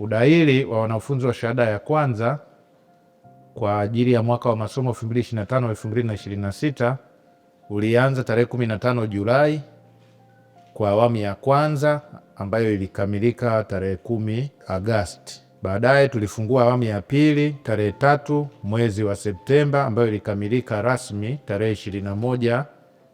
udahili wa wanafunzi wa shahada ya kwanza kwa ajili ya mwaka wa masomo 2025 2026 ulianza tarehe 15 Julai kwa awamu ya kwanza ambayo ilikamilika tarehe 10 Agosti. Baadaye tulifungua awamu ya pili tarehe tatu mwezi wa Septemba ambayo ilikamilika rasmi tarehe 21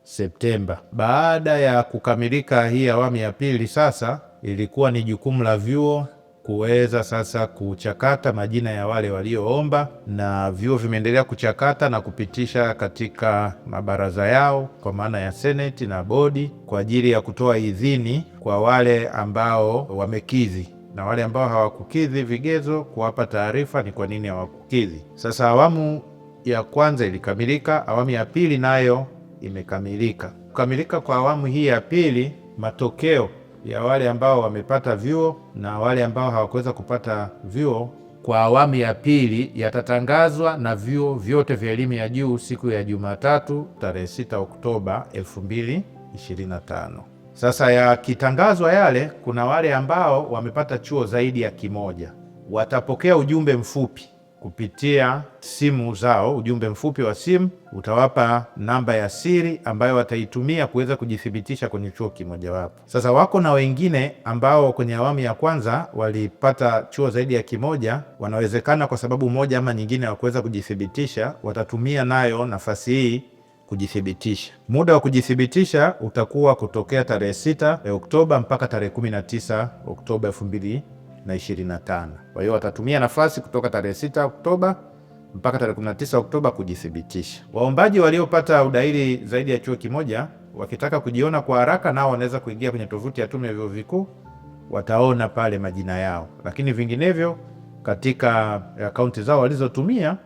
Septemba. Baada ya kukamilika hii awamu ya pili, sasa ilikuwa ni jukumu la vyuo kuweza sasa kuchakata majina ya wale walioomba, na vyuo vimeendelea kuchakata na kupitisha katika mabaraza yao kwa maana ya seneti na bodi kwa ajili ya kutoa idhini kwa wale ambao wamekidhi na wale ambao hawakukidhi vigezo, kuwapa taarifa ni kwa nini hawakukidhi. Sasa awamu ya kwanza ilikamilika, awamu ya pili nayo imekamilika. Kukamilika kwa awamu hii ya pili, matokeo ya wale ambao wamepata vyuo na wale ambao hawakuweza kupata vyuo kwa awamu ya pili yatatangazwa na vyuo vyote vya elimu ya juu siku ya Jumatatu tarehe 6 Oktoba 2025. Sasa yakitangazwa yale, kuna wale ambao wamepata chuo zaidi ya kimoja watapokea ujumbe mfupi kupitia simu zao. Ujumbe mfupi wa simu utawapa namba ya siri ambayo wataitumia kuweza kujithibitisha kwenye chuo kimojawapo. Sasa wako na wengine ambao kwenye awamu ya kwanza walipata chuo zaidi ya kimoja, wanawezekana kwa sababu moja ama nyingine wakuweza kujithibitisha, watatumia nayo nafasi hii kujithibitisha. Muda wa kujithibitisha utakuwa kutokea tarehe 6 eh, Oktoba mpaka tarehe 19 Oktoba na 25. Kwa hiyo watatumia nafasi kutoka tarehe 6 Oktoba mpaka tarehe 19 Oktoba kujithibitisha. Waombaji waliopata udahili zaidi ya chuo kimoja wakitaka kujiona kwa haraka, nao wanaweza kuingia kwenye tovuti ya Tume ya Vyuo Vikuu, wataona pale majina yao, lakini vinginevyo katika akaunti zao walizotumia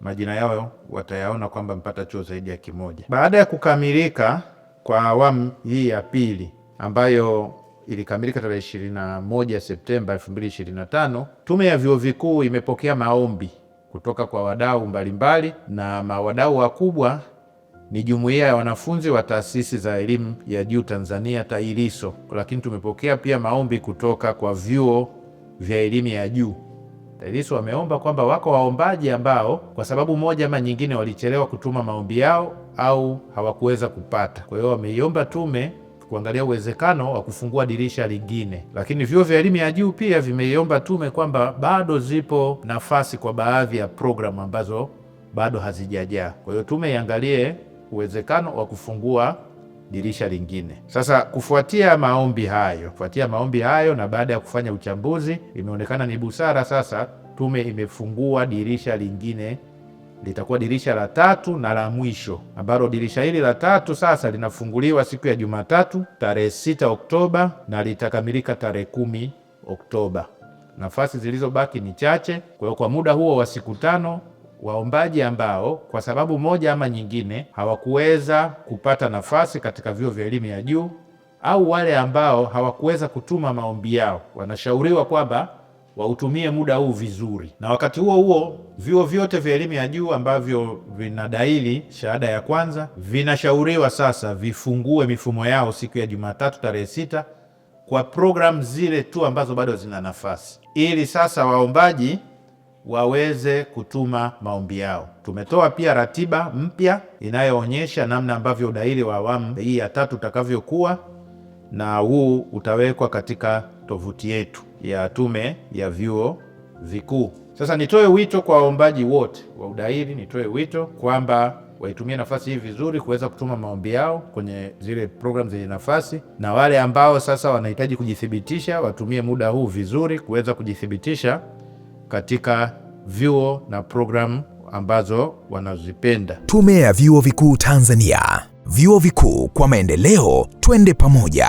majina yao watayaona kwamba mpata chuo zaidi ya kimoja. Baada ya kukamilika kwa awamu hii ya pili ambayo ilikamilika tarehe 21 Septemba 2025, Tume ya Vyuo Vikuu imepokea maombi kutoka kwa wadau mbalimbali, na mawadau wakubwa ni jumuiya ya wanafunzi wa taasisi za elimu ya juu Tanzania TAHLISO, lakini tumepokea pia maombi kutoka kwa vyuo vya elimu ya juu. TAHLISO wameomba kwamba wako waombaji ambao kwa sababu moja ama nyingine walichelewa kutuma maombi yao au hawakuweza kupata. Kwa hiyo wameiomba tume kuangalia uwezekano wa kufungua dirisha lingine. Lakini vyuo vya elimu ya juu pia vimeiomba tume kwamba bado zipo nafasi kwa baadhi ya programu ambazo bado hazijajaa. Kwa hiyo tume iangalie uwezekano wa kufungua dirisha lingine. Sasa kufuatia maombi hayo, kufuatia maombi hayo na baada ya kufanya uchambuzi, imeonekana ni busara sasa tume imefungua dirisha lingine litakuwa dirisha la tatu na la mwisho, ambalo dirisha hili la tatu sasa linafunguliwa siku ya Jumatatu tarehe 6 Oktoba na litakamilika tarehe kumi Oktoba. Nafasi zilizobaki ni chache. Kwa hiyo kwa muda huo wa siku tano waombaji ambao kwa sababu moja ama nyingine hawakuweza kupata nafasi katika vyuo vya elimu ya juu au wale ambao hawakuweza kutuma maombi yao wanashauriwa kwamba wautumie muda huu vizuri, na wakati huo huo vyuo vyote vya elimu ya juu ambavyo vinadaili shahada ya kwanza vinashauriwa sasa vifungue mifumo yao siku ya Jumatatu tarehe sita kwa programu zile tu ambazo bado zina nafasi, ili sasa waombaji waweze kutuma maombi yao. Tumetoa pia ratiba mpya inayoonyesha namna ambavyo udahili wa awamu hii ya tatu utakavyokuwa, na huu utawekwa katika tovuti yetu ya Tume ya Vyuo Vikuu. Sasa nitoe wito kwa waombaji wote wa udahili, nitoe wito kwamba waitumie nafasi hii vizuri kuweza kutuma maombi yao kwenye zile programu zenye nafasi, na wale ambao sasa wanahitaji kujithibitisha watumie muda huu vizuri kuweza kujithibitisha katika vyuo na programu ambazo wanazipenda. Tume ya Vyuo Vikuu Tanzania, vyuo vikuu kwa maendeleo, twende pamoja.